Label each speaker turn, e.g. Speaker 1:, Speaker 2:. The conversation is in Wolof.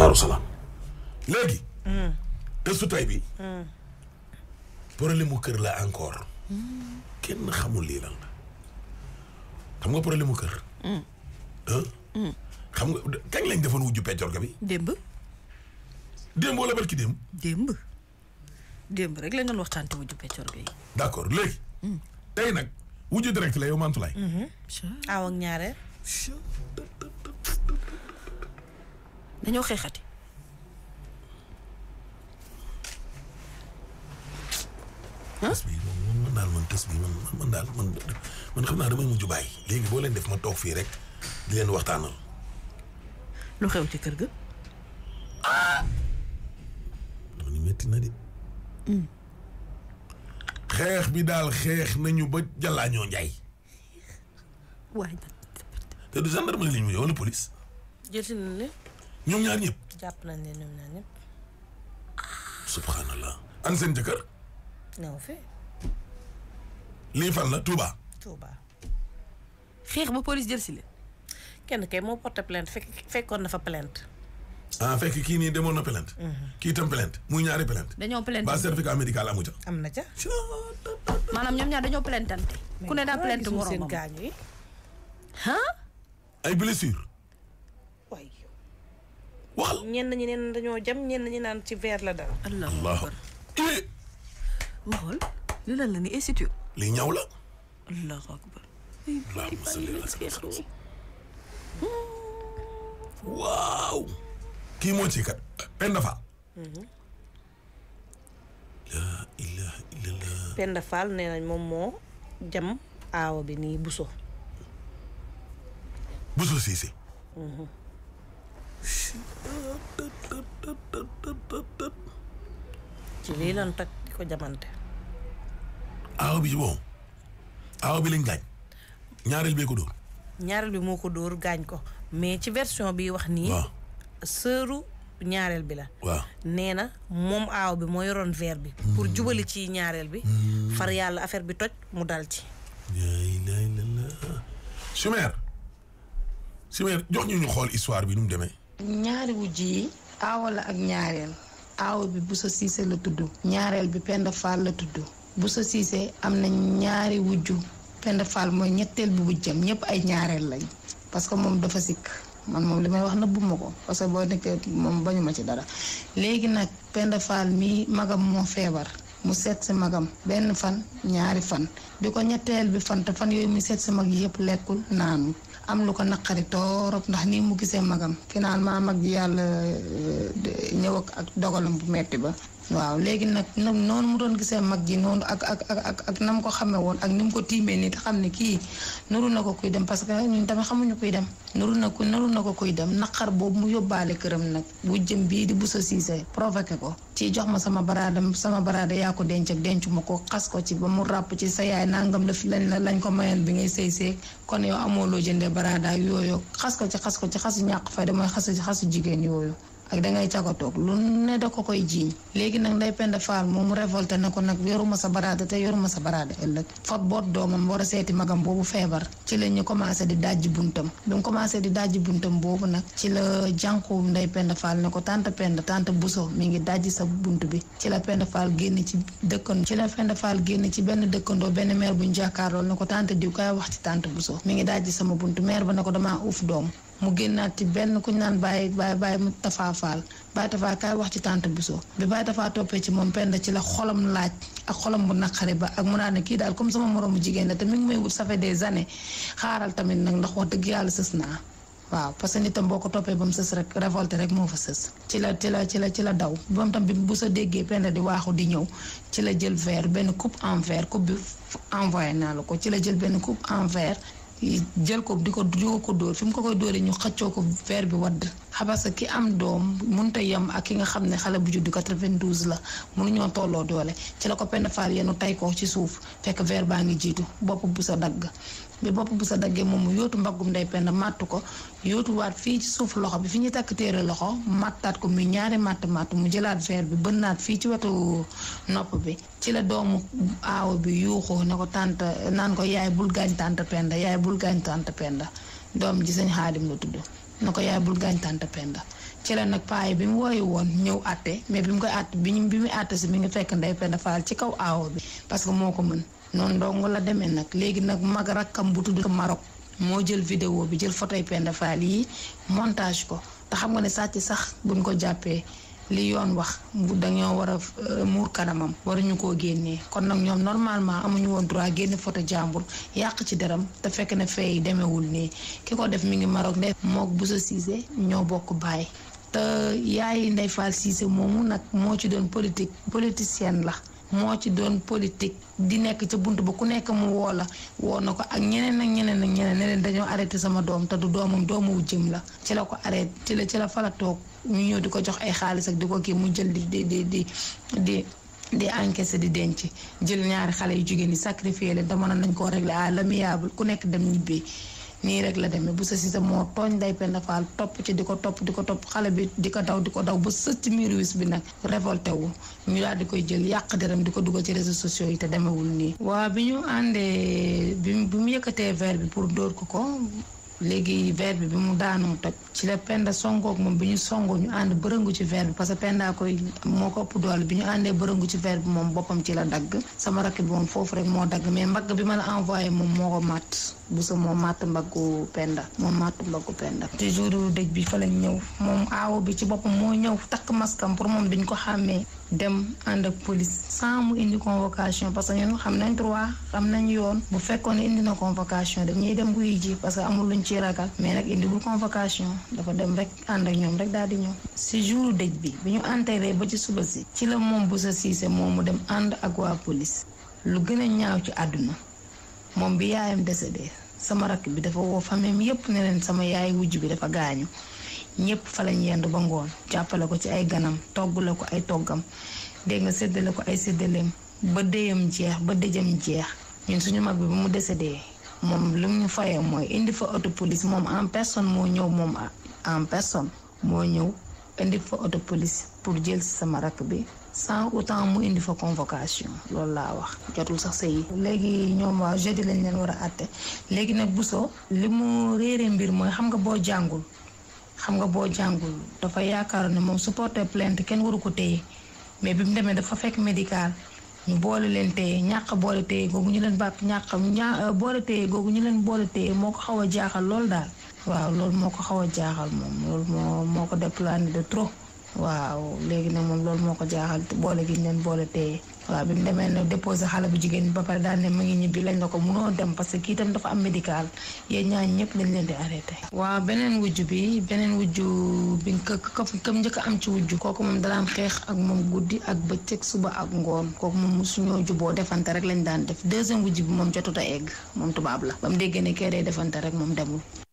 Speaker 1: Daaru Salaam léegi. gëstu tay bi. Hmm. problème mu kër la encore. Hmm. kenn xamul lii lan la xam nga problème mu kër.
Speaker 2: Hmm.
Speaker 1: xam nga kañ lañ defoon wujju peccorka bi. démb. démb wala barki démb. démb.
Speaker 2: démb rek lañ doon waxtaan te wujju peccorka yi.
Speaker 1: d'accord léegi. tey nag wujju direct la yow Mantoulaye.
Speaker 2: aw ak ñaareel. dañoo
Speaker 1: xeexati. ah test bii man daal man man man daal man man xam naa damay mujj bàyyi. léegi boo leen def ma toog fii rek di leen waxtaanal.
Speaker 2: lu xew ci kër ga. ah.
Speaker 1: Hmm. xeex bi daal xeex nañu ba jàllaañoo njaay. te du gendarmerie la ñu wala police. jël ñoom ñaar ñëpp.
Speaker 2: jàpp nañ ne ñoom ñaar ñëpp.
Speaker 1: subhanallah an seen jëkkër. ñëw fi. lii fan la Touba.
Speaker 2: Touba. xeex ba police jël si leen. kenn kay moo porté plainte fekk fekkoon na fa plainte.
Speaker 1: ah kii nii demoon na plainte. Mhm. kii itam plainte muy ñaari plainte.
Speaker 2: dañoo plainte ba certificat médical amu ca. am na ca. maanaam ñoom ñaar dañoo plaintante. ku ne daa plainte moromam mais
Speaker 1: ay blessure
Speaker 2: waxal ñenn ñi neen dañoo jam ñenn ñi naan ci verre la dal allah eh. mahol li lan la ni institut li ñaw la allah akbar
Speaker 1: allahumma salli ala sayyidina waaw kii moo ci kat mhm.
Speaker 2: la ilaha illallah jam aawa bi nii buso buso tët tët tët ci lii lan tag di ko jamante
Speaker 1: aaw bi ci boobu aaw bi lañ gaañ ñaareel bee ko dóor
Speaker 2: ñaareel bi moo ko dóor gaañ ko mais ci version bi wax nii sëru ñaareel bi la waaw nee na moom aaw bi moo yoroon bi hmm. pour jubali ci ñaareel bi hmm. far yàlla affaire bi toj mu dal ci
Speaker 1: sumeer sumeer jox ñu ñu xool histoire bi nu mu demee
Speaker 2: ñaari wujj yi aawa la ak ñaareel aawa bi bu sa la tudd ñaareel bi Penda Fall la tudd bu sa siisee am na ñaari wujju Penda Fall mooy ñetteel bu jëm ñëpp ay ñaareel lañ parce que moom dafa sikk man moom li may wax nëbbu ma ko parce que boo nekkee moom bañu ma ci dara léegi nag Penda Fall mii magam moo feebar mu seet si magam benn fan ñaari fan bi ko ñetteel bi fan te fan yooyu mu seet si mag yëpp lekkul naanu am lu ko naqari torop ndax nii mu gisee magam maa mag ji yàlla eh, ñëw ak dogalam bu metti ba waaw léegi nag noonu mu doon gisee mag ji noonu ak ak ak ak na mu ko xamee woon ak ni mu ko tiimee nii te xam ne kii nuru na ko kuy dem parce que ñun tamit xamuñu kuy dem nuru na ko nuru na ko kuy dem naqar boobu mu yóbbaale këram nag bu jëm bii di bu sa siisee provoqué ko ci jox ma sama baraada sama baraada yaa ko denc ak denc ma ko xas ko ci ba mu ràpp ci sa yaay nangam la fi lañ lañ ko mayoon bi ngay sëy seeg kon yow amoo loo jënde baraada yooyu xas ko ci xas ko ci xasu ñàkk fay damay xasu ci xasu jigéen yooyu ak dangay cagatoog lu ne da ko koy jiiñ léegi nag nday pend faal moom révolté na ko nag yoruma sa baraada te yoruma sa baraada ëllëg fa boot doomam war a seeti magam boobu feebar ci la ñu commencé di dajji buntam bi commencé di dajji buntam boobu nag ci la jànku nday pend faal ne ko tante pend tante buso mi ngi dajji sa bunt bi ci la pend faal génn ci dëkkandoo ci la pend faal génn ci benn dëkkandoo benn maire bu ñu jàkkaarlool ne ko tante diw kaay wax ci tante buso mi ngi dajji sama bunt maire ba ne ko damaa uuf doom mu génnaat ci benn ku ñu naan bàyyi bàyyi bàyyi mu tafaafaal bàyyi tafaa kaay wax ci tànt Buso bi bàyyi tafaa toppee ci moom Penda ci la xolam laaj ak xolam bu naqari ba ak mu naa ne kii daal comme sama moroomu jigéen la te mi ngi may wut ça fait xaaral tamit nag ndax dëgg yàlla sës naa waaw parce que nitam boo ko toppee ba mu rek révolté rek moo fa sës ci la ci la ci la daw bam tam bi bu sa déggee Penda di waaxu di ñëw ci la jël verre benn coupe en verre bi envoyé naa la ko ci la jël benn coupe en verre jël ko di ko di ko dóor fi mu ko koy dóoree ñu xëccoo ko verre bi wadd parce sa ki am doom mënta yem ak ki nga xam ne xale bu juddu 92 la ñoo tolloo doole ci la ko penn faal yenu tay ko ci suuf fekk verre baa ngi jiitu bopp bu sa dagg bi bopp bu sa daggee moom mu yóotu mbaggum ndey pend màtt ko yóotuwaat fii ci suuf loxo bi fi ñu takk téere loxo màttaat ko muy ñaari màtt màtt mu jëlaat verre bi bënnaat fii ci wetu nopp bi ci la doomu aawo bi yuuxoo ne ko tànt naan ko yaay bul gaañ tànt penda yaay bul gaañ tànt doom ji sëñ xaadim la tudd na ko yaay bul gaañ tànt penda ci la nag paay bi mu wooyu woon ñëw àtte mais bi mu koy àtte bi mu àtte si mi ngi fekk ndey penda faal ci kaw aawo bi parce que moo ko mën noonu dong la demee nag léegi nag mag rakkam bu tudd Maroc moo jël vidéo bi jël photo yi Penda Fall yi montage ko te xam nga ne sàcc sax buñ ko jàppee li yoon wax bu dañoo war a euh, muur kanamam waruñu koo génnee kon nag ñoom normalement amuñu woon droit génne photo jàmbur yàq ci deram te fekk na fay demewul nii ki ko def mu ngi Maroc de moo bu sa siisee ñoo bokk baay te yaay ndey Fall Cissé moomu nag moo ci doon politique politicienne la moo ci doon politique di nekk ca bunt ba ku nekk mu woo la woo na ko ak ñeneen ak ñeneen ak ñeneen ne leen dañoo arrêté sama doom te du doomam doomu wu jëm la ci la ko arrêté ci la ci la fa la toog ñu ñëw di ko jox ay xaalis ak di ko kii mu jël di di di di di. di di denc jël ñaari xale yu jigéen yi sacrifié leen dama nañ koo réglé à l'amiable ku nekk dem ñibbee nii rek la demee bu sa si sa moo tooñ day penda faal topp ci di ko topp di ko topp xale bi di ko daw di ko daw ba sëcc miir wis bi nag révolté wu ñu daal di koy jël yàq deram di ko dugal ci réseaux sociaux yi te demewul nii. waa bi ñu àndee bi mu yëkkatee verre bi pour dóor ko ko. léegi verre bi bi mu daanoo toj ci la Penda songoog moom bi ñu songoo ñu ànd bërëngu ci verre bi parce que Penda koy moo ko ëpp doole bi ñu àndee bërëngu ci verre bi moom boppam ci la dagg sama rakk bi moom foofu rek moo dagg mais mbagg bi ma la envoyé moom moo ko màtt bu sa moo màtt mbaggu Penda moo màtt mbaggu Penda ci jour bi fa lañ ñëw moom aawo bi ci boppam moo ñëw takk maskam pour moom duñ ko xàmmee dem ànd ak police sans mu indi convocation parce que ñun xam nañ droit xam nañ yoon bu fekkoon indi na convocation dañuy dem guy ji parce que amul luñ ci ragal mais nag indiwul convocation dafa dem rek ànd ak ñoom rek daal di ñëw si jour dëj bi bi ñu enterré ba ci suba si ci la moom bu sa siise moom mu dem ànd ak waa police lu gën a ñaaw ci àdduna moom bi yaayam décédé sama rakk bi dafa woo famem yépp ne leen sama yaay wujj bi dafa gaañu ñépp fa lañ yend ba ngoon jàppale ko ci ay ganam togg la ko ay toggam dégg nga séddale ko ay séddaleem ba déyam jeex ba dëjam jeex ñun suñu mag bi ba mu décédé moom lu ñu fayee mooy indi fa auto police moom en personne moo ñëw moom en personne moo ñëw indi fa auto police pour jël si sama rakk bi sans autant mu indi fa convocation loolu laa wax jotul sax sa yi léegi ñoom waa jeudi lañ leen war a àtte léegi nag busoo li mu réeree mbir mooy xam nga boo jàngul xam nga boo jàngul dafa yaakaar ne moom supporter plainte kenn waru ko téye mais bi mu demee dafa fekk médical ñu boole leen téye ñàkk boole téye googu ñu leen bàpp ñàkk ña euh, boole téye googu ñu leen boole téye moo ko xaw a jaaxal lool daal waaw loolu moo ko xaw a jaaxal moom loolu moo moo ko déplané de trop waaw léegi nag moom loolu moo ko jaaxal boole gi ñu leen boole téye waaw bi mu demee nag déposé xale bu jigéen bi ba pare daan ne mu ngi ñibbi lañ la ko mënoo dem parce que kii tam dafa am médical yéen ñaañ ñëpp lañ leen di arrêté. waaw beneen wujju bi beneen wujju bi nga ko kam njëkk am ci wujju kooku moom daan xeex ak moom guddi ak bëccëg suba ak ngoon kooku moom mosuñoo juboo defante rek lañ daan def deuxième wujju bi moom jotut a egg moom tubaab la ba mu déggee ne kee defante rek moom demul.